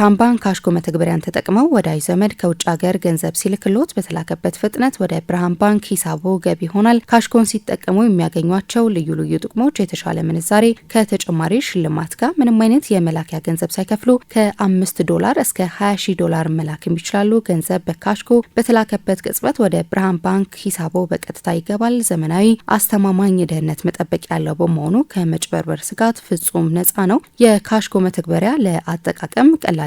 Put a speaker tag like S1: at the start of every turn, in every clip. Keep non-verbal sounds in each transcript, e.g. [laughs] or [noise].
S1: የብርሃን ባንክ ካሽኮ መተግበሪያን ተጠቅመው ወዳጅ ዘመድ ከውጭ ሀገር ገንዘብ ሲልክሎት በተላከበት ፍጥነት ወደ ብርሃን ባንክ ሂሳቦ ገቢ ይሆናል። ካሽኮን ሲጠቀሙ የሚያገኟቸው ልዩ ልዩ ጥቅሞች የተሻለ ምንዛሬ ከተጨማሪ ሽልማት ጋር ምንም አይነት የመላኪያ ገንዘብ ሳይከፍሉ ከአምስት ዶላር እስከ 20 ሺህ ዶላር መላክም ይችላሉ። ገንዘብ በካሽኮ በተላከበት ቅጽበት ወደ ብርሃን ባንክ ሂሳቦ በቀጥታ ይገባል። ዘመናዊ፣ አስተማማኝ ደህንነት መጠበቅ ያለው በመሆኑ ከመጭበርበር ስጋት ፍጹም ነፃ ነው። የካሽኮ መተግበሪያ ለአጠቃቀም ቀላል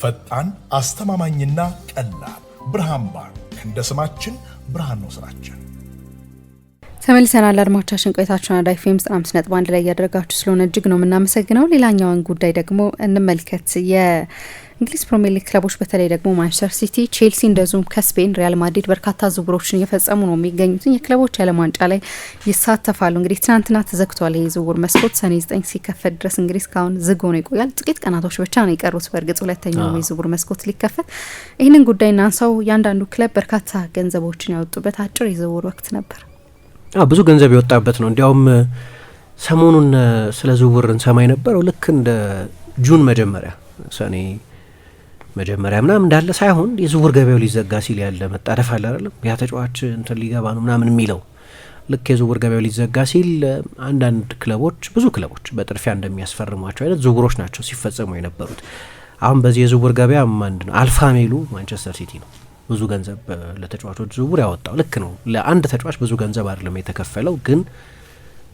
S2: ፈጣን አስተማማኝና ቀላል ብርሃን ባንክ። እንደ ስማችን ብርሃን ነው ስራችን።
S1: ተመልሰናል አድማቻችን ቆይታችን አራዳ ኤፍ ኤም ዘጠና አምስት ነጥብ አንድ ላይ እያደረጋችሁ ስለሆነ እጅግ ነው የምናመሰግነው። ሌላኛውን ጉዳይ ደግሞ እንመልከት የ እንግሊዝ ፕሪሚየር ሊግ ክለቦች በተለይ ደግሞ ማንቸስተር ሲቲ፣ ቼልሲ እንደዚሁም ከስፔን ሪያል ማድሪድ በርካታ ዝውውሮችን እየፈጸሙ ነው የሚገኙትን የክለቦች የዓለም ዋንጫ ላይ ይሳተፋሉ። እንግዲህ ትናንትና ተዘግቷል ይህ ዝውውር መስኮት ሰኔ ዘጠኝ ሲከፈት ድረስ እንግዲህ እስካሁን ዝግ ሆኖ ይቆያል። ጥቂት ቀናቶች ብቻ ነው የቀሩት በእርግጥ ሁለተኛው የዝውውር መስኮት ሊከፈት። ይህንን ጉዳይ እናንሳው። እያንዳንዱ ክለብ በርካታ ገንዘቦችን ያወጡበት አጭር የዝውውር ወቅት ነበር።
S3: ብዙ ገንዘብ የወጣበት ነው። እንዲያውም ሰሞኑን ስለ ዝውውር እንሰማኝ ነበረው ልክ እንደ ጁን መጀመሪያ ሰኔ መጀመሪያ ምናምን እንዳለ ሳይሆን የዝውውር ገበያው ሊዘጋ ሲል ያለ መጣደፍ አለ አይደለም። ያ ተጫዋች እንትን ሊገባ ነው ምናምን የሚለው ልክ የዝውውር ገበያው ሊዘጋ ሲል አንዳንድ ክለቦች፣ ብዙ ክለቦች በጥድፊያ እንደሚያስፈርሟቸው አይነት ዝውውሮች ናቸው ሲፈጸሙ የነበሩት። አሁን በዚህ የዝውውር ገበያ አንድ ነው አልፋ ሜሉ ማንቸስተር ሲቲ ነው ብዙ ገንዘብ ለተጫዋቾች ዝውውር ያወጣው። ልክ ነው ለአንድ ተጫዋች ብዙ ገንዘብ አይደለም የተከፈለው ግን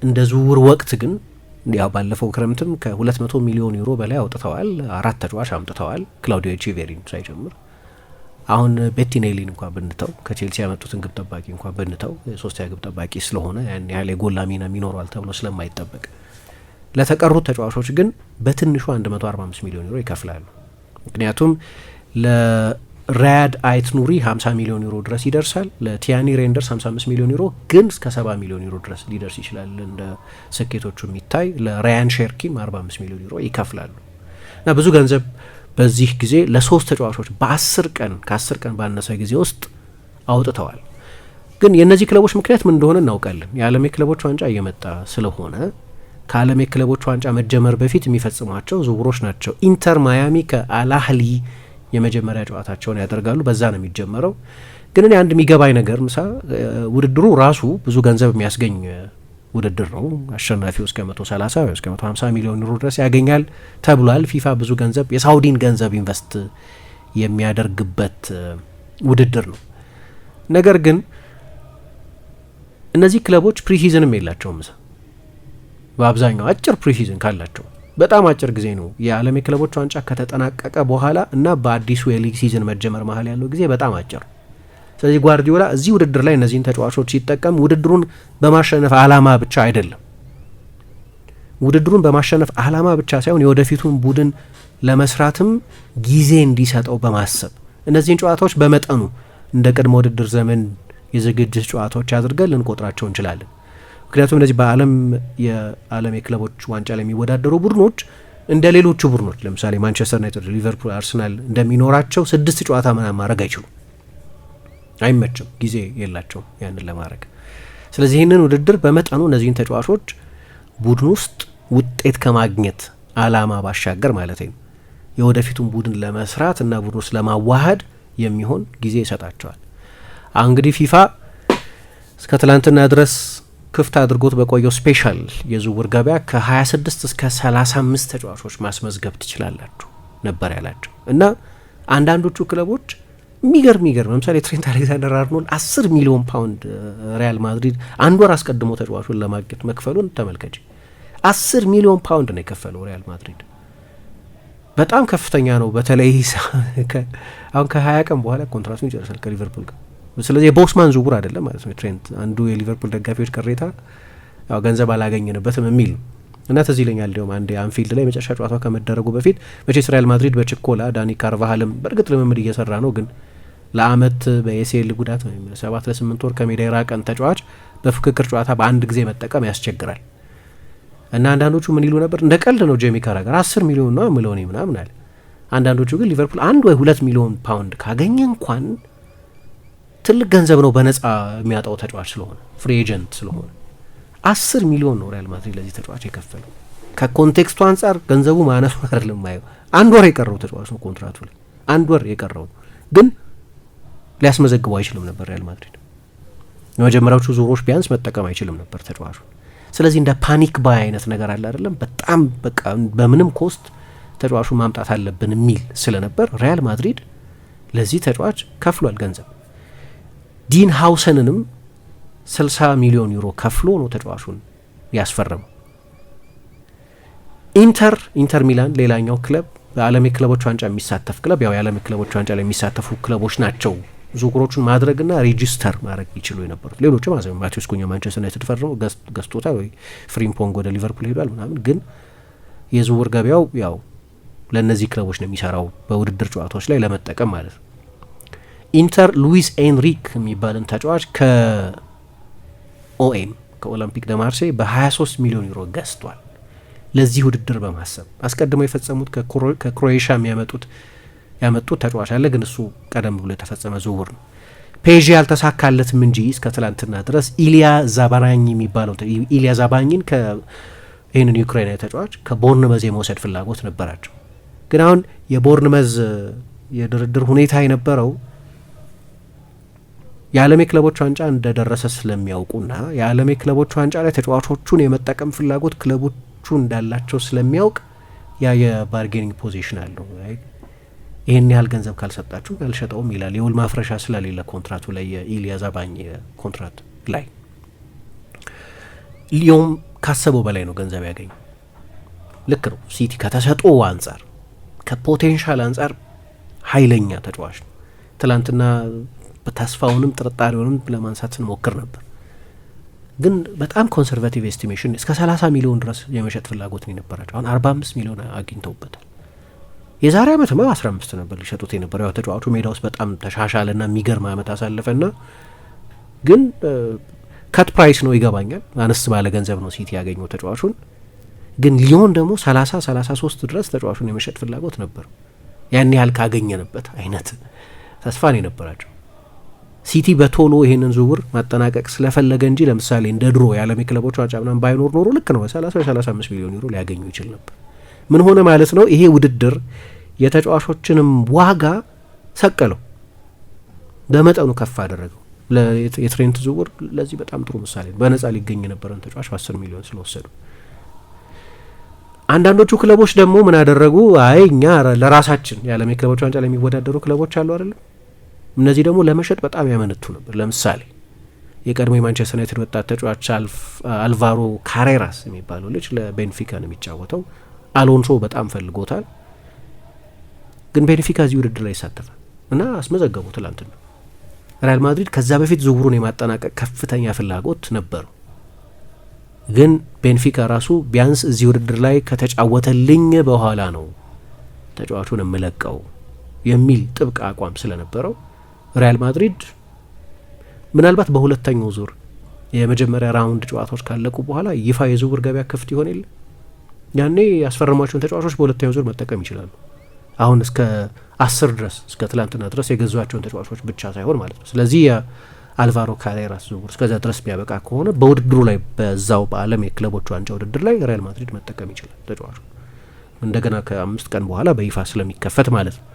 S3: እንደ ዝውውር ወቅት ግን ያው ባለፈው ክረምትም ከ200 ሚሊዮን ዩሮ በላይ አውጥተዋል። አራት ተጫዋች አምጥተዋል፣ ክላውዲዮ ቺቬሪን ሳይጀምር። አሁን ቤቲኔሊን እንኳ ብንተው ከቼልሲ ያመጡትን ግብ ጠባቂ እንኳ ብንተው የሶስተኛ ግብ ጠባቂ ስለሆነ ያን ያህል የጎላ ሚና ይኖረዋል ተብሎ ስለማይጠበቅ ለተቀሩት ተጫዋቾች ግን በትንሹ 145 ሚሊዮን ዩሮ ይከፍላሉ። ምክንያቱም ሪያድ አይት ኑሪ 50 ሚሊዮን ዩሮ ድረስ ይደርሳል። ለቲያኒ ሬንደርስ 55 ሚሊዮን ዩሮ ግን እስከ 70 ሚሊዮን ዩሮ ድረስ ሊደርስ ይችላል። እንደ ስኬቶቹ የሚታይ ለራያን ሼርኪም 45 ሚሊዮን ዩሮ ይከፍላሉ እና ብዙ ገንዘብ በዚህ ጊዜ ለሶስት ተጫዋቾች በአስር ቀን ከአስር ቀን ባነሰ ጊዜ ውስጥ አውጥተዋል። ግን የእነዚህ ክለቦች ምክንያት ምን እንደሆነ እናውቃለን። የዓለም የክለቦች ዋንጫ እየመጣ ስለሆነ ከዓለም የክለቦች ዋንጫ መጀመር በፊት የሚፈጽሟቸው ዝውውሮች ናቸው። ኢንተር ማያሚ ከአላህሊ የመጀመሪያ ጨዋታቸውን ያደርጋሉ። በዛ ነው የሚጀመረው። ግን እኔ አንድ የሚገባኝ ነገር ምሳ ውድድሩ ራሱ ብዙ ገንዘብ የሚያስገኝ ውድድር ነው። አሸናፊው እስከ ሰላሳ ወይ እስከ ሀምሳ ሚሊዮን ዩሮ ድረስ ያገኛል ተብሏል። ፊፋ ብዙ ገንዘብ የሳውዲን ገንዘብ ኢንቨስት የሚያደርግበት ውድድር ነው። ነገር ግን እነዚህ ክለቦች ፕሪሲዝንም የላቸውም ምሳ በአብዛኛው አጭር ፕሪሲዝን ካላቸው በጣም አጭር ጊዜ ነው። የዓለም የክለቦች ዋንጫ ከተጠናቀቀ በኋላ እና በአዲሱ የሊግ ሲዝን መጀመር መሀል ያለው ጊዜ በጣም አጭር። ስለዚህ ጓርዲዮላ እዚህ ውድድር ላይ እነዚህን ተጫዋቾች ሲጠቀም ውድድሩን በማሸነፍ አላማ ብቻ አይደለም። ውድድሩን በማሸነፍ አላማ ብቻ ሳይሆን የወደፊቱን ቡድን ለመስራትም ጊዜ እንዲሰጠው በማሰብ እነዚህን ጨዋታዎች በመጠኑ እንደ ቅድመ ውድድር ዘመን የዝግጅት ጨዋታዎች አድርገን ልንቆጥራቸው እንችላለን። ምክንያቱም እነዚህ በአለም የአለም የክለቦች ዋንጫ ላይ የሚወዳደሩ ቡድኖች እንደ ሌሎቹ ቡድኖች ለምሳሌ ማንቸስተር ዩናይትድ፣ ሊቨርፑል፣ አርሰናል እንደሚኖራቸው ስድስት ጨዋታ ምናምን ማድረግ አይችሉም። አይመችም፣ ጊዜ የላቸውም ያንን ለማድረግ። ስለዚህ ይህንን ውድድር በመጠኑ እነዚህን ተጫዋቾች ቡድን ውስጥ ውጤት ከማግኘት አላማ ባሻገር ማለት ነው የወደፊቱን ቡድን ለመስራት እና ቡድን ውስጥ ለማዋሃድ የሚሆን ጊዜ ይሰጣቸዋል። እንግዲህ ፊፋ እስከ ትላንትና ድረስ ክፍት አድርጎት በቆየው ስፔሻል የዝውውር ገበያ ከ26 እስከ 35 ተጫዋቾች ማስመዝገብ ትችላላችሁ ነበር ያላቸው እና አንዳንዶቹ ክለቦች የሚገርም የሚገርም ለምሳሌ ትሬንት አሌክዛንደር አርኖልድ 10 ሚሊዮን ፓውንድ ሪያል ማድሪድ አንድ ወር አስቀድሞ ተጫዋቹን ለማግኘት መክፈሉን ተመልከች። 10 ሚሊዮን ፓውንድ ነው የከፈለው ሪያል ማድሪድ። በጣም ከፍተኛ ነው። በተለይ [laughs] አሁን ከ20 ቀን በኋላ ኮንትራቱን ይጨርሳል ከሊቨርፑል ጋር ስለዚህ የቦክስማን ዝውውር አይደለም ማለት ነው። ትሬንት አንዱ የሊቨርፑል ደጋፊዎች ቅሬታ ያው ገንዘብ አላገኝንበትም የሚል ነው እና ተዚ ይለኛል እንዲሁም አንድ አንፊልድ ላይ የመጨረሻ ጨዋታ ከመደረጉ በፊት መቼስ ሪያል ማድሪድ በችኮላ ዳኒ ካርቫሃልም በእርግጥ ልምምድ እየሰራ ነው፣ ግን ለአመት በኤሲኤል ጉዳት ወይም ሰባት ለስምንት ወር ከሜዳ የራቀን ተጫዋች በፍክክር ጨዋታ በአንድ ጊዜ መጠቀም ያስቸግራል እና አንዳንዶቹ ምን ይሉ ነበር? እንደ ቀልድ ነው ጄሚ ካራገር አስር ሚሊዮን ነው ምለውን ምናምን አለ። አንዳንዶቹ ግን ሊቨርፑል አንድ ወይ ሁለት ሚሊዮን ፓውንድ ካገኘ እንኳን ትልቅ ገንዘብ ነው በነፃ የሚያጣው ተጫዋች ስለሆነ ፍሪ ኤጀንት ስለሆነ አስር ሚሊዮን ነው ሪያል ማድሪድ ለዚህ ተጫዋች የከፈለው። ከኮንቴክስቱ አንጻር ገንዘቡ ማነሱ [laughs] አይደለም ማየው። አንድ ወር የቀረው ተጫዋች ነው ኮንትራቱ ላይ አንድ ወር የቀረው ግን ሊያስመዘግበው አይችልም ነበር ሪያል ማድሪድ የመጀመሪያዎቹ ዙሮች ቢያንስ መጠቀም አይችልም ነበር ተጫዋቹ። ስለዚህ እንደ ፓኒክ ባይ አይነት ነገር አለ አይደለም፣ በጣም በቃ በምንም ኮስት ተጫዋቹ ማምጣት አለብን የሚል ስለነበር ሪያል ማድሪድ ለዚህ ተጫዋች ከፍሏል ገንዘብ ዲን ሀውሰንንም 60 ሚሊዮን ዩሮ ከፍሎ ነው ተጫዋቹን ያስፈረመው። ኢንተር ኢንተር ሚላን ሌላኛው ክለብ በዓለም የክለቦች ዋንጫ የሚሳተፍ ክለብ ያው የዓለም የክለቦች ዋንጫ ላይ የሚሳተፉ ክለቦች ናቸው ዝውውሮቹን ማድረግና ሬጂስተር ማድረግ ይችሉ የነበሩት ሌሎችም አዘ ማቴዎስ ኩኛ ማንቸስተር ዩናይትድ ፈርሞ ገዝቶታል፣ ወይ ፍሪምፖንግ ወደ ሊቨርፑል ሄዷል ምናምን። ግን የዝውውር ገበያው ያው ለእነዚህ ክለቦች ነው የሚሰራው በውድድር ጨዋታዎች ላይ ለመጠቀም ማለት ነው። ኢንተር ሉዊስ ኤንሪክ የሚባልን ተጫዋች ከኦኤም ከኦሎምፒክ ደ በ23 ሚሊዮን ዩሮ ገዝቷል። ለዚህ ውድድር በማሰብ አስቀድመው የፈጸሙት ከክሮኤሽያ የሚያመጡት ያመጡት ተጫዋች አለ፣ ግን እሱ ቀደም ብሎ የተፈጸመ ዝውውር ነው። ፔዥ ያልተሳካለትም እንጂ እስከ ትላንትና ድረስ ኢሊያ ዛባራኝ የሚባለው ኢሊያ ዛባኝን ይህንን ዩክሬናዊ ተጫዋች ከቦርንመዝ የመውሰድ ፍላጎት ነበራቸው። ግን አሁን የቦርንመዝ የድርድር ሁኔታ የነበረው የዓለም የክለቦች ዋንጫ እንደደረሰ ስለሚያውቁና የዓለም የክለቦች ዋንጫ ላይ ተጫዋቾቹን የመጠቀም ፍላጎት ክለቦቹ እንዳላቸው ስለሚያውቅ ያ የባርጌኒንግ ፖዚሽን አለው። ይህን ያህል ገንዘብ ካልሰጣችሁ አልሸጠውም ይላል። የውል ማፍረሻ ስለሌለ ኮንትራቱ ላይ የኢልያ ዛባኝ ኮንትራት ላይ ሊዮም ካሰበው በላይ ነው ገንዘብ ያገኝ። ልክ ነው። ሲቲ ከተሰጥኦ አንጻር ከፖቴንሻል አንጻር ኃይለኛ ተጫዋች ነው። ትላንትና ተስፋውንም ጥርጣሬውንም ለማንሳት ስንሞክር ነበር። ግን በጣም ኮንሰርቫቲቭ ኤስቲሜሽን እስከ ሰላሳ ሚሊዮን ድረስ የመሸጥ ፍላጎት ነው የነበራቸው። አሁን አርባ አምስት ሚሊዮን አግኝተውበታል። የዛሬ ዓመትማ አስራ አምስት ነበር ሊሸጡት የነበረው። ያው ተጫዋቹ ሜዳ ውስጥ በጣም ተሻሻለና የሚገርም አሳለፈ ና ግን ከት ፕራይስ ነው ይገባኛል። አነስ ባለ ገንዘብ ነው ሲቲ ያገኘው ተጫዋቹን። ግን ሊዮን ደግሞ ሰላሳ ሰላሳ ሶስት ድረስ ተጫዋቹን የመሸጥ ፍላጎት ነበር። ያን ያህል ካገኘንበት አይነት ተስፋ ነው የነበራቸው። ሲቲ በቶሎ ይህንን ዝውውር ማጠናቀቅ ስለፈለገ እንጂ ለምሳሌ እንደ ድሮ የዓለም የክለቦች ዋንጫ ምናምን ባይኖር ኖሮ ልክ ነው በ30 35 ሚሊዮን ዩሮ ሊያገኙ ይችል ነበር። ምን ሆነ ማለት ነው? ይሄ ውድድር የተጫዋቾችንም ዋጋ ሰቀለው፣ በመጠኑ ከፍ አደረገው። የትሬንት ዝውውር ለዚህ በጣም ጥሩ ምሳሌ ነው። በነጻ ሊገኝ የነበረን ተጫዋች በ ሚሊዮን ስለወሰዱ አንዳንዶቹ ክለቦች ደግሞ ምን አደረጉ? አይ እኛ ለራሳችን የዓለም የክለቦች ዋንጫ ላይ የሚወዳደሩ ክለቦች አሉ አይደለም እነዚህ ደግሞ ለመሸጥ በጣም ያመነቱ ነበር። ለምሳሌ የቀድሞ የማንቸስተር ዩናይትድ ወጣት ተጫዋች አልቫሮ ካሬራስ የሚባለው ልጅ ለቤንፊካ ነው የሚጫወተው። አሎንሶ በጣም ፈልጎታል፣ ግን ቤንፊካ እዚህ ውድድር ላይ ይሳተፋል እና አስመዘገቡ። ትላንት ነው ሪያል ማድሪድ ከዛ በፊት ዝውውሩን የማጠናቀቅ ከፍተኛ ፍላጎት ነበረው፣ ግን ቤንፊካ ራሱ ቢያንስ እዚህ ውድድር ላይ ከተጫወተልኝ በኋላ ነው ተጫዋቹን የምለቀው የሚል ጥብቅ አቋም ስለነበረው ሪያል ማድሪድ ምናልባት በሁለተኛው ዙር የመጀመሪያ ራውንድ ጨዋታዎች ካለቁ በኋላ ይፋ የዝውውር ገበያ ክፍት ይሆን የለ ያኔ ያስፈረሟቸውን ተጫዋቾች በሁለተኛው ዙር መጠቀም ይችላሉ። አሁን እስከ አስር ድረስ እስከ ትላንትና ድረስ የገዟቸውን ተጫዋቾች ብቻ ሳይሆን ማለት ነው። ስለዚህ የአልቫሮ ካሬራስ ዝውውር እስከዚያ ድረስ የሚያበቃ ከሆነ በውድድሩ ላይ በዛው በዓለም የክለቦች ዋንጫ ውድድር ላይ ሪያል ማድሪድ መጠቀም ይችላል ተጫዋቹ እንደገና ከአምስት ቀን በኋላ በይፋ ስለሚከፈት ማለት ነው።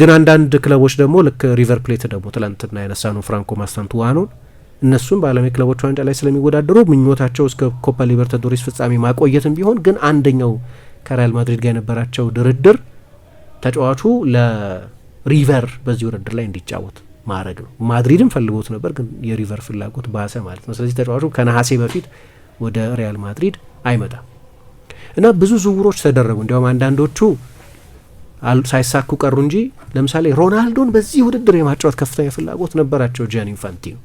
S3: ግን አንዳንድ ክለቦች ደግሞ ልክ ሪቨር ፕሌት ደግሞ ትላንትና ያነሳ ነው ፍራንኮ ማስታንቱዋኖን እነሱም በዓለም የክለቦች ዋንጫ ላይ ስለሚወዳደሩ ምኞታቸው እስከ ኮፓ ሊበርታዶሪስ ፍጻሜ ማቆየትም ቢሆን ግን አንደኛው ከሪያል ማድሪድ ጋር የነበራቸው ድርድር ተጫዋቹ ለሪቨር በዚህ ውድድር ላይ እንዲጫወት ማድረግ ነው። ማድሪድም ፈልጎት ነበር፣ ግን የሪቨር ፍላጎት ባሰ ማለት ነው። ስለዚህ ተጫዋቹ ከነሐሴ በፊት ወደ ሪያል ማድሪድ አይመጣም እና ብዙ ዝውውሮች ተደረጉ። እንዲያውም አንዳንዶቹ ሳይሳኩ ቀሩ እንጂ ለምሳሌ ሮናልዶን በዚህ ውድድር የማጫወት ከፍተኛ ፍላጎት ነበራቸው። ጃን ኢንፋንቲኖ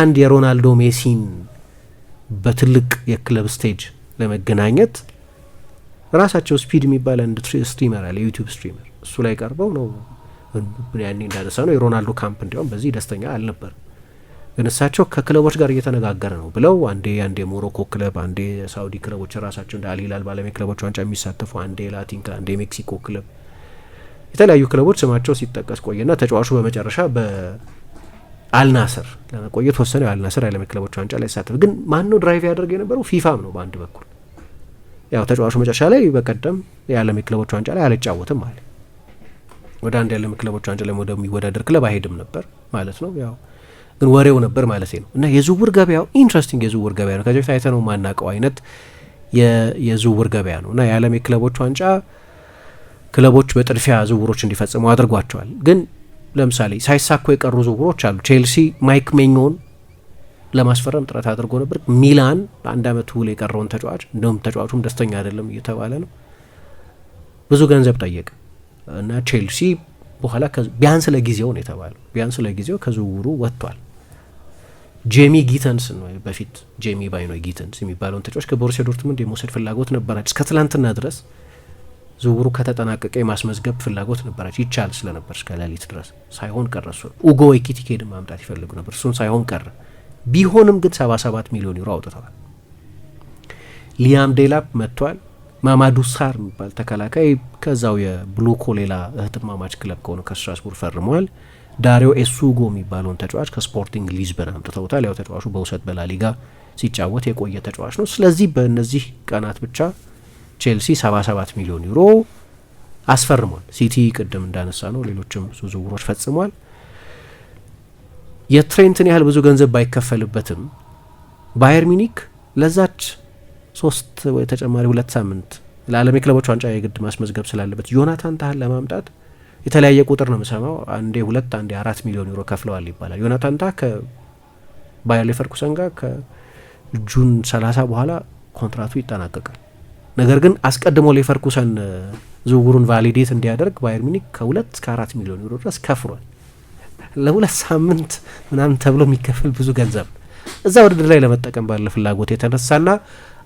S3: አንድ የሮናልዶ ሜሲን በትልቅ የክለብ ስቴጅ ለመገናኘት ራሳቸው ስፒድ የሚባል አንድ ስትሪመር አለ፣ የዩቲዩብ ስትሪመር እሱ ላይ ቀርበው ነው ያኔ እንዳነሳ ነው የሮናልዶ ካምፕ እንዲያውም በዚህ ደስተኛ አልነበር። ግን እሳቸው ከክለቦች ጋር እየተነጋገረ ነው ብለው አንዴ አንዴ የሞሮኮ ክለብ፣ አንዴ የሳውዲ ክለቦች ራሳቸው እንደ አልሂላል ባለሜ ክለቦች ዋንጫ የሚሳተፉ አንዴ የላቲን አንዴ የሜክሲኮ ክለብ የተለያዩ ክለቦች ስማቸው ሲጠቀስ ቆየና ተጫዋቹ በመጨረሻ በአልናስር ለመቆየት ወሰነ። የአልናስር የዓለም ክለቦች ዋንጫ ላይ ተሳተፈ። ግን ማነው ድራይቭ ያደርግ የነበረው? ፊፋም ነው በአንድ በኩል ያው ተጫዋቹ መጨረሻ ላይ በቀደም የዓለም ክለቦች ዋንጫ ላይ አልጫወትም አለ። ወደ አንድ የዓለም ክለቦች ዋንጫ ላይ ወደሚወዳደር ክለብ አይሄድም ነበር ማለት ነው ያው ግን ወሬው ነበር ማለት ነው። እና የዝውውር ገበያው ኢንትረስቲንግ የዝውውር ገበያ ነው። ከዚህ በፊት አይተነው ማናቀው አይነት የዝውውር ገበያ ነው እና የዓለም ክለቦች ዋንጫ ክለቦች በጥድፊያ ዝውውሮች እንዲፈጽሙ አድርጓቸዋል። ግን ለምሳሌ ሳይሳኩ የቀሩ ዝውውሮች አሉ። ቼልሲ ማይክ ሜኞን ለማስፈረም ጥረት አድርጎ ነበር። ሚላን ለአንድ ዓመት ውል የቀረውን ተጫዋች እንደውም ተጫዋቹም ደስተኛ አይደለም እየተባለ ነው፣ ብዙ ገንዘብ ጠየቀ እና ቼልሲ በኋላ ቢያንስ ለጊዜው ነው የተባለው። ቢያንስ ለጊዜው ከዝውውሩ ወጥቷል። ጄሚ ጊተንስ ነው በፊት ጄሚ ባይኖ ጊተንስ የሚባለውን ተጫዋች ከቦርሲያ ዶርትሙንድ የመውሰድ ፍላጎት ነበራቸው እስከ ትላንትና ድረስ ዝውውሩ ከተጠናቀቀ የማስመዝገብ ፍላጎት ነበራቸው። ይቻል ስለነበር እስከ ሌሊት ድረስ ሳይሆን ቀረ። እሱን ኡጎ ኤኪቲኬድን ማምጣት ይፈልጉ ነበር፣ እሱን ሳይሆን ቀረ። ቢሆንም ግን 77 ሚሊዮን ዩሮ አውጥተዋል። ሊያም ዴላፕ መጥቷል። ማማዱ ሳር የሚባል ተከላካይ ከዛው የብሉኮ ሌላ እህትማማች ክለብ ከሆነ ከስትራስቡር ፈርመዋል። ዳሪዮ ኤሱጎ የሚባለውን ተጫዋች ከስፖርቲንግ ሊዝበን አምጥተውታል። ያው ተጫዋቹ በውሰት በላሊጋ ሲጫወት የቆየ ተጫዋች ነው። ስለዚህ በእነዚህ ቀናት ብቻ ቼልሲ 77 ሚሊዮን ዩሮ አስፈርሟል። ሲቲ ቅድም እንዳነሳ ነው ሌሎችም ብዙ ዝውውሮች ፈጽሟል። የትሬንትን ያህል ብዙ ገንዘብ ባይከፈልበትም ባየር ሚኒክ ለዛች ሶስት ወይ ተጨማሪ ሁለት ሳምንት ለዓለም የክለቦች ዋንጫ የግድ ማስመዝገብ ስላለበት ዮናታን ታህል ለማምጣት የተለያየ ቁጥር ነው የምሰማው። አንዴ ሁለት አንዴ አራት ሚሊዮን ዩሮ ከፍለዋል ይባላል። ዮናታን ታህ ከባየር ሌቨርኩሰን ጋር ከጁን 30 በኋላ ኮንትራቱ ይጠናቀቃል። ነገር ግን አስቀድሞ ሌቨርኩሰን ዝውውሩን ቫሊዴት እንዲያደርግ ባየር ሚኒክ ከሁለት እስከ አራት ሚሊዮን ዩሮ ድረስ ከፍሯል። ለሁለት ሳምንት ምናምን ተብሎ የሚከፈል ብዙ ገንዘብ እዛ ውድድር ላይ ለመጠቀም ባለ ፍላጎት የተነሳና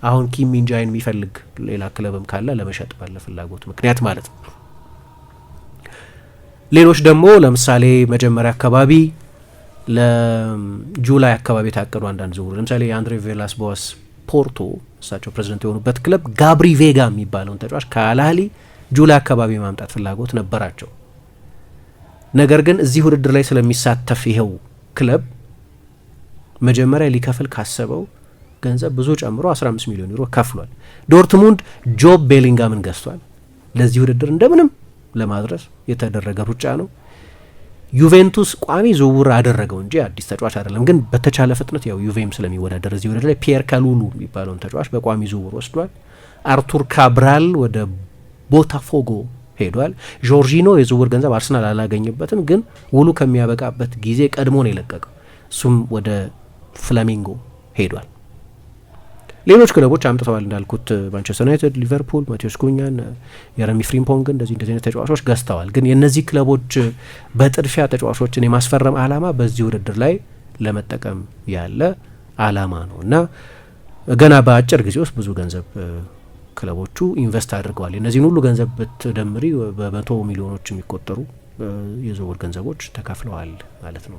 S3: አሁን ኪም ሚንጃይን የሚፈልግ ሌላ ክለብም ካለ ለመሸጥ ባለ ፍላጎት ምክንያት ማለት ነው። ሌሎች ደግሞ ለምሳሌ መጀመሪያ አካባቢ ለጁላይ አካባቢ የታቀዱ አንዳንድ ዝውውር ለምሳሌ የአንድሬ ቬላስ ቦስ ፖርቶ እሳቸው ፕሬዚደንት የሆኑበት ክለብ ጋብሪ ቬጋ የሚባለውን ተጫዋች ከአልአህሊ ጁላይ አካባቢ ማምጣት ፍላጎት ነበራቸው። ነገር ግን እዚህ ውድድር ላይ ስለሚሳተፍ ይኸው ክለብ መጀመሪያ ሊከፍል ካሰበው ገንዘብ ብዙ ጨምሮ 15 ሚሊዮን ዩሮ ከፍሏል። ዶርትሙንድ ጆብ ቤሊንጋምን ገዝቷል። ለዚህ ውድድር እንደምንም ለማድረስ የተደረገ ሩጫ ነው። ዩቬንቱስ ቋሚ ዝውውር አደረገው እንጂ አዲስ ተጫዋች አይደለም። ግን በተቻለ ፍጥነት ያው ዩቬም ስለሚወዳደር እዚህ ወደ ላይ ፒየር ካሉሉ የሚባለውን ተጫዋች በቋሚ ዝውውር ወስዷል። አርቱር ካብራል ወደ ቦታፎጎ ሄዷል። ጆርጂኖ የዝውውር ገንዘብ አርሰናል አላገኝበትም፣ ግን ውሉ ከሚያበቃበት ጊዜ ቀድሞ ነው የለቀቀው። እሱም ወደ ፍላሚንጎ ሄዷል። ሌሎች ክለቦች አምጥተዋል እንዳልኩት ማንቸስተር ዩናይትድ፣ ሊቨርፑል ማቴዎስ ኩኛን፣ የረሚ ፍሪምፖንግ እንደዚህ እንደዚህ አይነት ተጫዋቾች ገዝተዋል። ግን የእነዚህ ክለቦች uh, በጥድፊያ ተጫዋቾችን የማስፈረም አላማ በዚህ ውድድር ላይ ለመጠቀም ያለ አላማ ነው እና ገና በአጭር ጊዜ ውስጥ ብዙ ገንዘብ uh, ክለቦቹ ኢንቨስት አድርገዋል። የእነዚህን ሁሉ ገንዘብ ብትደምሪ በመቶ ሚሊዮኖች የሚቆጠሩ uh, የዝውውር ገንዘቦች ተከፍለዋል ማለት ነው።